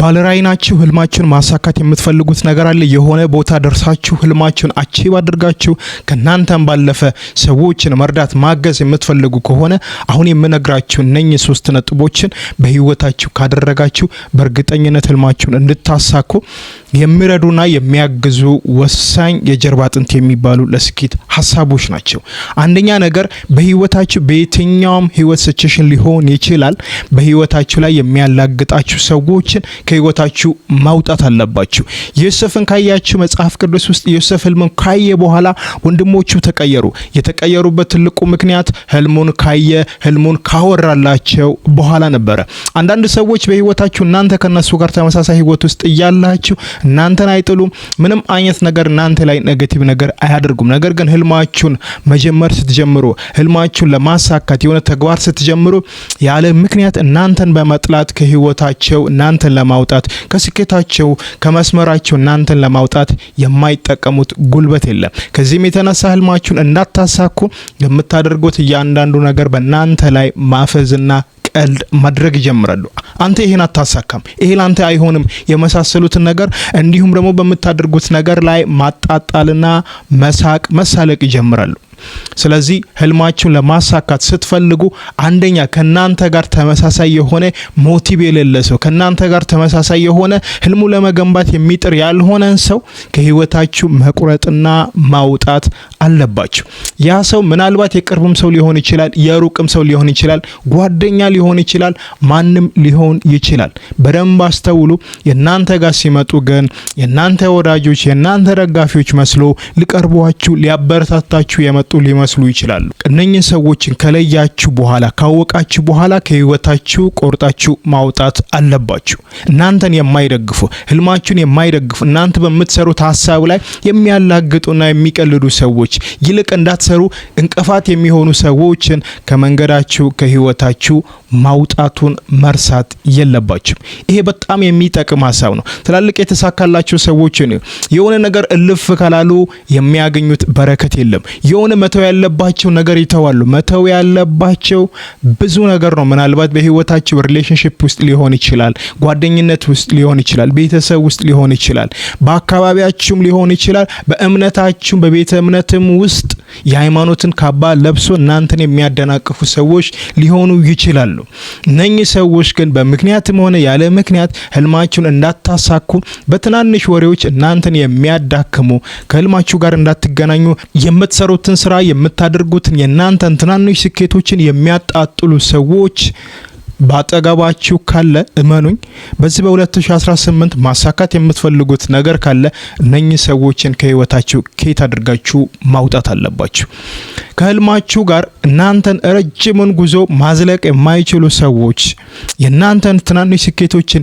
ባለራዕይ ናችሁ። ህልማችሁን ማሳካት የምትፈልጉት ነገር አለ። የሆነ ቦታ ደርሳችሁ ህልማችሁን አቺብ አድርጋችሁ ከእናንተም ባለፈ ሰዎችን መርዳት ማገዝ የምትፈልጉ ከሆነ አሁን የምነግራችሁ እነኚህ ሶስት ነጥቦችን በህይወታችሁ ካደረጋችሁ በእርግጠኝነት ህልማችሁን እንድታሳኩ የሚረዱና የሚያግዙ ወሳኝ የጀርባ አጥንት የሚባሉ ለስኬት ሀሳቦች ናቸው። አንደኛ ነገር በህይወታችሁ በየትኛውም ህይወት ስችሽን ሊሆን ይችላል በህይወታችሁ ላይ የሚያላግጣችሁ ሰዎችን ከህይወታችሁ ማውጣት አለባችሁ። ዮሴፍን ካያችሁ መጽሐፍ ቅዱስ ውስጥ ዮሴፍ ህልሙን ካየ በኋላ ወንድሞቹ ተቀየሩ። የተቀየሩበት ትልቁ ምክንያት ህልሙን ካየ ህልሙን ካወራላቸው በኋላ ነበረ። አንዳንድ ሰዎች በህይወታችሁ እናንተ ከነሱ ጋር ተመሳሳይ ህይወት ውስጥ እያላችሁ እናንተን አይጥሉም። ምንም አይነት ነገር እናንተ ላይ ኔጌቲቭ ነገር አያደርጉም። ነገር ግን ህልማችሁን መጀመር ስትጀምሩ፣ ህልማችሁን ለማሳካት የሆነ ተግባር ስትጀምሩ ያለ ምክንያት እናንተን በመጥላት ከህይወታቸው እናንተን ለማ ለማውጣት ከስኬታቸው ከመስመራቸው እናንተን ለማውጣት የማይጠቀሙት ጉልበት የለም። ከዚህም የተነሳ ህልማችሁን እንዳታሳኩ የምታደርጉት እያንዳንዱ ነገር በእናንተ ላይ ማፈዝና ቀልድ ማድረግ ይጀምራሉ። አንተ ይሄን አታሳካም፣ ይሄ ላንተ አይሆንም የመሳሰሉትን ነገር እንዲሁም ደግሞ በምታደርጉት ነገር ላይ ማጣጣልና መሳቅ መሳለቅ ይጀምራሉ። ስለዚህ ህልማችሁን ለማሳካት ስትፈልጉ አንደኛ ከእናንተ ጋር ተመሳሳይ የሆነ ሞቲቭ የሌለ ሰው፣ ከእናንተ ጋር ተመሳሳይ የሆነ ህልሙ ለመገንባት የሚጥር ያልሆነን ሰው ከህይወታችሁ መቁረጥና ማውጣት አለባችሁ። ያ ሰው ምናልባት የቅርብም ሰው ሊሆን ይችላል፣ የሩቅም ሰው ሊሆን ይችላል፣ ጓደኛ ሊሆን ይችላል፣ ማንም ሊሆን ይችላል። በደንብ አስተውሉ። የእናንተ ጋር ሲመጡ ግን የእናንተ ወዳጆች፣ የእናንተ ደጋፊዎች መስሎ ሊቀርቧችሁ ሊያበረታታችሁ የመጡ የመጡ ሊመስሉ ይችላሉ። እነኝን ሰዎችን ከለያችሁ በኋላ ካወቃችሁ በኋላ ከህይወታችሁ ቆርጣችሁ ማውጣት አለባችሁ። እናንተን የማይደግፉ ህልማችሁን የማይደግፉ እናንተ በምትሰሩት ሀሳብ ላይ የሚያላግጡና የሚቀልዱ ሰዎች ይልቅ እንዳትሰሩ እንቅፋት የሚሆኑ ሰዎችን ከመንገዳችሁ ከህይወታችሁ ማውጣቱን መርሳት የለባችም። ይሄ በጣም የሚጠቅም ሀሳብ ነው። ትላልቅ የተሳካላቸው ሰዎችን የሆነ ነገር እልፍ ካላሉ የሚያገኙት በረከት የለም። የሆነ መተው ያለባቸው ነገር ይተዋሉ። መተው ያለባቸው ብዙ ነገር ነው። ምናልባት በህይወታቸው ሪሌሽንሽፕ ውስጥ ሊሆን ይችላል፣ ጓደኝነት ውስጥ ሊሆን ይችላል፣ ቤተሰብ ውስጥ ሊሆን ይችላል፣ በአካባቢያችሁም ሊሆን ይችላል፣ በእምነታችሁም በቤተ እምነትም ውስጥ የሃይማኖትን ካባ ለብሶ እናንተን የሚያደናቅፉ ሰዎች ሊሆኑ ይችላሉ። ይችላሉ። እነኚህ ሰዎች ግን በምክንያትም ሆነ ያለ ምክንያት ህልማችሁን እንዳታሳኩ በትናንሽ ወሬዎች እናንተን የሚያዳክሙ ከህልማችሁ ጋር እንዳትገናኙ የምትሰሩትን ስራ የምታደርጉትን የእናንተን ትናንሽ ስኬቶችን የሚያጣጥሉ ሰዎች በአጠገባችሁ ካለ እመኑኝ፣ በዚህ በ2018 ማሳካት የምትፈልጉት ነገር ካለ እነኚህ ሰዎችን ከህይወታችሁ ኬት አድርጋችሁ ማውጣት አለባችሁ። ከህልማችሁ ጋር እናንተን ረጅምን ጉዞ ማዝለቅ የማይችሉ ሰዎች የእናንተን ትናንሽ ስኬቶችን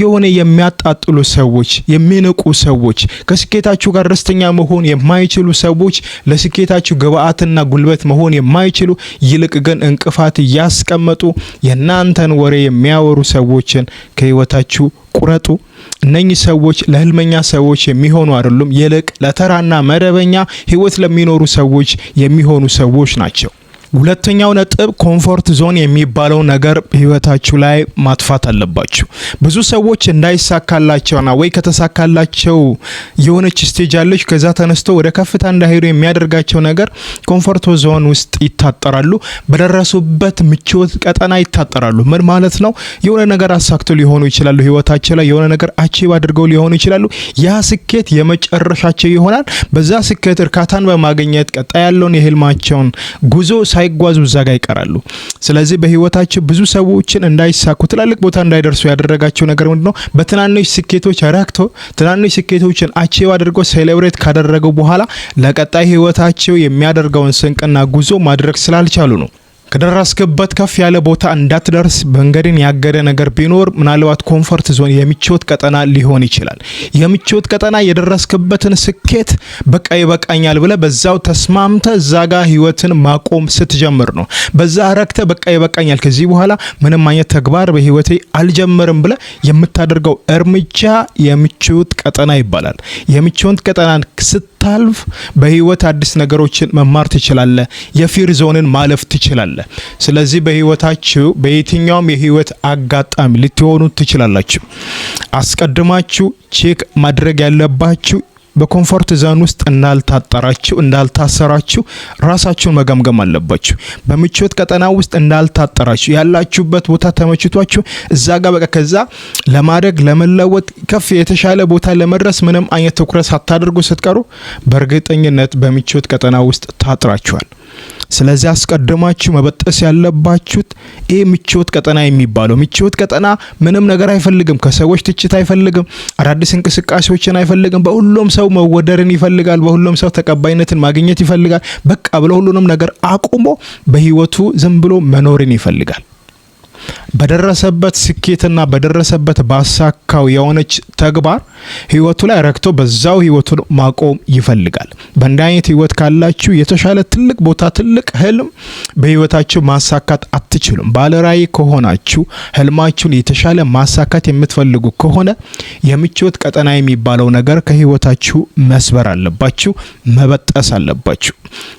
የሆነ የሚያጣጥሉ ሰዎች፣ የሚንቁ ሰዎች፣ ከስኬታችሁ ጋር ደስተኛ መሆን የማይችሉ ሰዎች፣ ለስኬታችሁ ግብአትና ጉልበት መሆን የማይችሉ ይልቅ ግን እንቅፋት እያስቀመጡ የእናንተን ወሬ የሚያወሩ ሰዎችን ከህይወታችሁ ቁረጡ። እነኚህ ሰዎች ለህልመኛ ሰዎች የሚሆኑ አይደሉም። ይልቅ ለተራና መደበኛ ህይወት ለሚኖሩ ሰዎች የሚሆኑ ሰዎች ናቸው። ሁለተኛው ነጥብ ኮምፎርት ዞን የሚባለው ነገር ህይወታችሁ ላይ ማጥፋት አለባችሁ። ብዙ ሰዎች እንዳይሳካላቸውና ወይ ከተሳካላቸው የሆነች ስቴጅ አለች፣ ከዛ ተነስቶ ወደ ከፍታ እንዳይሄዱ የሚያደርጋቸው ነገር ኮንፎርት ዞን ውስጥ ይታጠራሉ። በደረሱበት ምቾት ቀጠና ይታጠራሉ። ምን ማለት ነው? የሆነ ነገር አሳክቶ ሊሆኑ ይችላሉ። ህይወታቸው ላይ የሆነ ነገር አቺቭ አድርገው ሊሆኑ ይችላሉ። ያ ስኬት የመጨረሻቸው ይሆናል። በዛ ስኬት እርካታን በማግኘት ቀጣይ ያለውን የህልማቸውን ጉዞ ሳይ ሳይጓዙ እዛ ጋር ይቀራሉ። ስለዚህ በህይወታችን ብዙ ሰዎችን እንዳይሳኩ ትላልቅ ቦታ እንዳይደርሱ ያደረጋቸው ነገር ምንድነው? በትናንሽ ስኬቶች ረክቶ ትናንሽ ስኬቶችን አቼው አድርጎ ሴሌብሬት ካደረገው በኋላ ለቀጣይ ህይወታቸው የሚያደርገውን ስንቅና ጉዞ ማድረግ ስላልቻሉ ነው። ከደረስክበት ከፍ ያለ ቦታ እንዳትደርስ መንገድን ያገደ ነገር ቢኖር ምናልባት ኮምፈርት ዞን የምቾት ቀጠና ሊሆን ይችላል። የምቾት ቀጠና የደረስክበትን ስኬት በቃ ይበቃኛል ብለ በዛው ተስማምተ እዛ ህይወትን ማቆም ስትጀምር ነው። በዛ ረክተ በቃ ይበቃኛል፣ ከዚህ በኋላ ምንም አይነት ተግባር በህይወቴ አልጀምርም ብለ የምታደርገው እርምጃ የምቾት ቀጠና ይባላል። የምቾት ቀጠናን ስት ስታልፍ በህይወት አዲስ ነገሮችን መማር ትችላለ። የፊር ዞንን ማለፍ ትችላለ። ስለዚህ በህይወታችሁ በየትኛውም የህይወት አጋጣሚ ልትሆኑ ትችላላችሁ። አስቀድማችሁ ቼክ ማድረግ ያለባችሁ በኮምፎርት ዞን ውስጥ እንዳልታጠራችሁ እንዳልታሰራችሁ ራሳችሁን መገምገም አለባችሁ። በምቾት ቀጠና ውስጥ እንዳልታጠራችሁ ያላችሁበት ቦታ ተመችቷችሁ እዛ ጋር በቃ ከዛ ለማድረግ ለመለወጥ ከፍ የተሻለ ቦታ ለመድረስ ምንም አይነት ትኩረት ሳታደርጉ ስትቀሩ በእርግጠኝነት በምቾት ቀጠና ውስጥ ታጥራችኋል። ስለዚህ አስቀድማችሁ መበጠስ ያለባችሁት ይህ ምቾት ቀጠና የሚባለው ምቾት ቀጠና ምንም ነገር አይፈልግም። ከሰዎች ትችት አይፈልግም። አዳዲስ እንቅስቃሴዎችን አይፈልግም። በሁሉም ሰው መወደርን ይፈልጋል። በሁሉም ሰው ተቀባይነትን ማግኘት ይፈልጋል። በቃ ብሎ ሁሉንም ነገር አቁሞ በህይወቱ ዝም ብሎ መኖርን ይፈልጋል። በደረሰበት ስኬትና በደረሰበት ባሳካው የሆነች ተግባር ህይወቱ ላይ ረክቶ በዛው ህይወቱን ማቆም ይፈልጋል። በእንዲህ አይነት ህይወት ካላችሁ የተሻለ ትልቅ ቦታ፣ ትልቅ ህልም በህይወታችሁ ማሳካት አትችሉም። ባለራዕይ ከሆናችሁ ህልማችሁን የተሻለ ማሳካት የምትፈልጉ ከሆነ የምቾት ቀጠና የሚባለው ነገር ከህይወታችሁ መስበር አለባችሁ፣ መበጠስ አለባችሁ።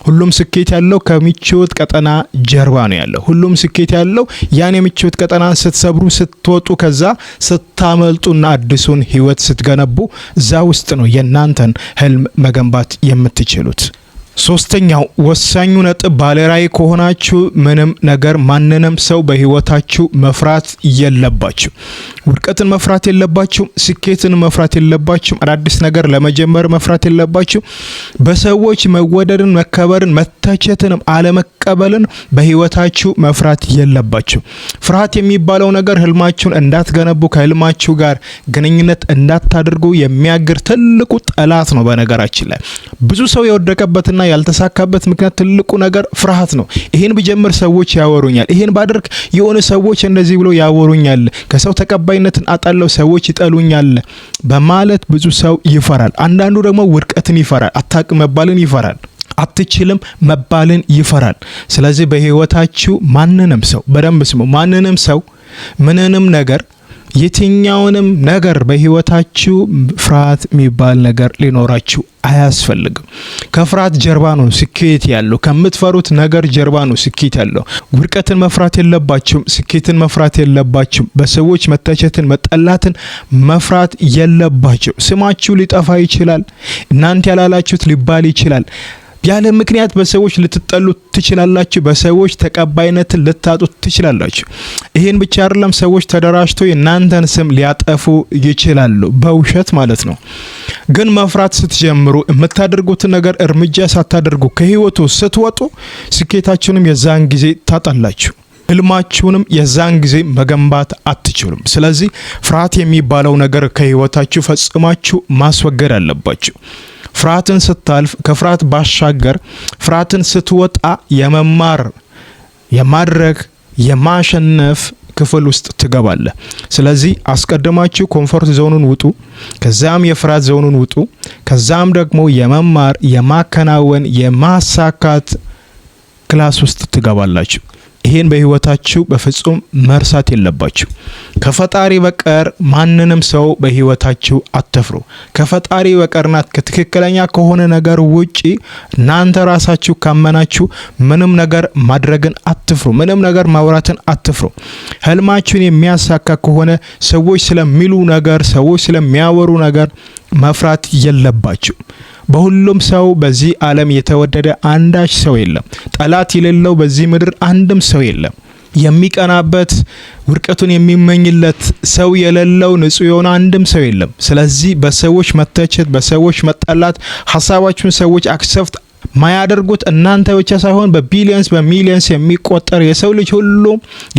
ሁሉም ስኬት ያለው ከምቾት ቀጠና ጀርባ ነው ያለው። ሁሉም ስኬት ያለው ያን ከቆያችሁት ቀጠና ስትሰብሩ ስትወጡ ከዛ ስታመልጡና አዲሱን ህይወት ስትገነቡ እዛ ውስጥ ነው የእናንተን ህልም መገንባት የምትችሉት። ሶስተኛው ወሳኙ ነጥብ ባለራዕይ ከሆናችሁ ምንም ነገር ማንንም ሰው በህይወታችሁ መፍራት የለባችሁ። ውድቀትን መፍራት የለባችሁም። ስኬትን መፍራት የለባችሁም። አዳዲስ ነገር ለመጀመር መፍራት የለባችሁ። በሰዎች መወደድን፣ መከበርን፣ መተቸትንም አለመከ መቀበልን በህይወታችሁ መፍራት የለባችሁ። ፍርሃት የሚባለው ነገር ህልማችሁን እንዳትገነቡ ከህልማችሁ ጋር ግንኙነት እንዳታደርጉ የሚያግር ትልቁ ጠላት ነው። በነገራችን ላይ ብዙ ሰው የወደቀበትና ያልተሳካበት ምክንያት ትልቁ ነገር ፍርሃት ነው። ይህን ብጀምር ሰዎች ያወሩኛል፣ ይህን ባደርግ የሆነ ሰዎች እንደዚህ ብሎ ያወሩኛል፣ ከሰው ተቀባይነትን አጣለው፣ ሰዎች ይጠሉኛል በማለት ብዙ ሰው ይፈራል። አንዳንዱ ደግሞ ውድቀትን ይፈራል፣ አታቅ መባልን ይፈራል። አትችልም መባልን ይፈራል። ስለዚህ በህይወታችሁ ማንንም ሰው በደንብ ስሙ። ማንንም ሰው ምንንም ነገር የትኛውንም ነገር በህይወታችሁ ፍርሃት የሚባል ነገር ሊኖራችሁ አያስፈልግም። ከፍርሃት ጀርባ ነው ስኬት ያለው። ከምትፈሩት ነገር ጀርባ ነው ስኬት ያለው። ውድቀትን መፍራት የለባችሁም። ስኬትን መፍራት የለባችሁም። በሰዎች መተቸትን፣ መጠላትን መፍራት የለባችሁ። ስማችሁ ሊጠፋ ይችላል። እናንተ ያላላችሁት ሊባል ይችላል። ያለ ምክንያት በሰዎች ልትጠሉ ትችላላችሁ። በሰዎች ተቀባይነትን ልታጡ ትችላላችሁ። ይህን ብቻ አይደለም፣ ሰዎች ተደራጅተው የእናንተን ስም ሊያጠፉ ይችላሉ፣ በውሸት ማለት ነው። ግን መፍራት ስትጀምሩ የምታደርጉትን ነገር እርምጃ ሳታደርጉ ከህይወቱ ስትወጡ ስኬታችሁንም የዛን ጊዜ ታጣላችሁ። ህልማችሁንም የዛን ጊዜ መገንባት አትችሉም። ስለዚህ ፍርሃት የሚባለው ነገር ከህይወታችሁ ፈጽማችሁ ማስወገድ አለባችሁ። ፍርሃትን ስታልፍ ከፍርሃት ባሻገር ፍርሃትን ስትወጣ የመማር የማድረግ የማሸነፍ ክፍል ውስጥ ትገባለ። ስለዚህ አስቀድማችሁ ኮንፎርት ዞኑን ውጡ፣ ከዛም የፍርሃት ዞኑን ውጡ፣ ከዛም ደግሞ የመማር የማከናወን የማሳካት ክላስ ውስጥ ትገባላችሁ። ይህን በህይወታችሁ በፍጹም መርሳት የለባችሁ። ከፈጣሪ በቀር ማንንም ሰው በህይወታችሁ አትፍሩ። ከፈጣሪ በቀርናት ከትክክለኛ ከሆነ ነገር ውጪ እናንተ ራሳችሁ ካመናችሁ ምንም ነገር ማድረግን አትፍሩ። ምንም ነገር ማውራትን አትፍሩ። ህልማችሁን የሚያሳካ ከሆነ ሰዎች ስለሚሉ ነገር፣ ሰዎች ስለሚያወሩ ነገር መፍራት የለባችሁ። በሁሉም ሰው በዚህ ዓለም የተወደደ አንዳች ሰው የለም። ጠላት የሌለው በዚህ ምድር አንድም ሰው የለም። የሚቀናበት ውድቀቱን የሚመኝለት ሰው የሌለው ንጹህ የሆነ አንድም ሰው የለም። ስለዚህ በሰዎች መተቸት፣ በሰዎች መጠላት ሀሳባችሁን ሰዎች አክሰፍት ማያደርጉት እናንተ ብቻ ሳይሆን በቢሊየንስ በሚሊየንስ የሚቆጠር የሰው ልጅ ሁሉ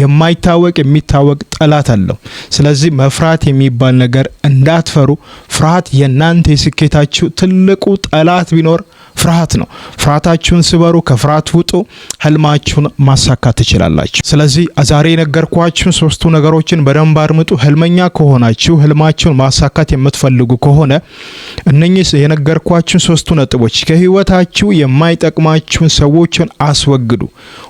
የማይታወቅ የሚታወቅ ጠላት አለው። ስለዚህ መፍራት የሚባል ነገር እንዳትፈሩ። ፍርሃት የእናንተ የስኬታችሁ ትልቁ ጠላት ቢኖር ፍርሃት ነው። ፍርሃታችሁን ስበሩ፣ ከፍርሃት ውጡ፣ ህልማችሁን ማሳካት ትችላላችሁ። ስለዚህ ዛሬ የነገርኳችሁን ሶስቱ ነገሮችን በደንብ አድምጡ። ህልመኛ ከሆናችሁ ህልማችሁን ማሳካት የምትፈልጉ ከሆነ እነኚህ የነገርኳችሁን ሶስቱ ነጥቦች ከህይወታችሁ የማይጠቅማችሁን ሰዎችን አስወግዱ።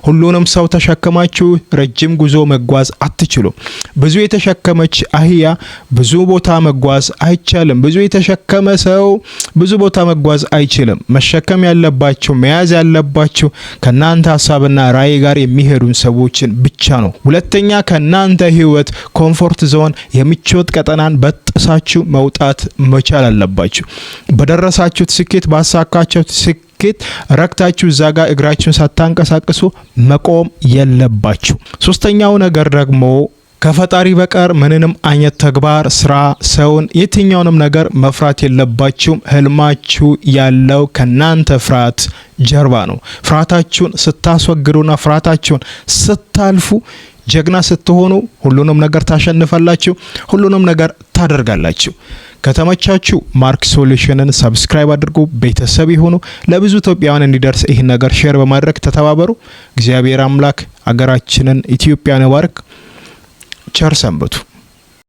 ሁሉንም ሰው ተሸክማችሁ ረጅም ጉዞ መጓዝ አትችሉም። ብዙ የተሸከመች አህያ ብዙ ቦታ መጓዝ አይቻልም። ብዙ የተሸከመ ሰው ብዙ ቦታ መጓዝ አይችልም። መሸከም ያለባቸው መያዝ ያለባቸው ከናንተ ሀሳብና ራዕይ ጋር የሚሄዱን ሰዎችን ብቻ ነው። ሁለተኛ ከናንተ ህይወት ኮምፎርት ዞን የምቾት ቀጠናን በጥሳችሁ መውጣት መቻል አለባችሁ። በደረሳችሁት ስኬት ባሳካችሁት ስኬት ረክታችሁ እዛ ጋር እግራችሁን ሳታንቀሳቅሱ መቆም የለባችሁ። ሶስተኛው ነገር ደግሞ ከፈጣሪ በቀር ምንንም አይነት ተግባር፣ ስራ፣ ሰውን፣ የትኛውንም ነገር መፍራት የለባችሁም። ህልማችሁ ያለው ከናንተ ፍርሃት ጀርባ ነው። ፍርሃታችሁን ስታስወግዱና ፍርሃታችሁን ስታልፉ ጀግና ስትሆኑ ሁሉንም ነገር ታሸንፋላችሁ፣ ሁሉንም ነገር ታደርጋላችሁ። ከተመቻችሁ ማርክ ሶሉሽንን ሰብስክራይብ አድርጉ፣ ቤተሰብ ይሁኑ። ለብዙ ኢትዮጵያውያን እንዲደርስ ይህን ነገር ሼር በማድረግ ተተባበሩ። እግዚአብሔር አምላክ አገራችንን ኢትዮጵያን ይባርክ። ቸር ሰንብቱ።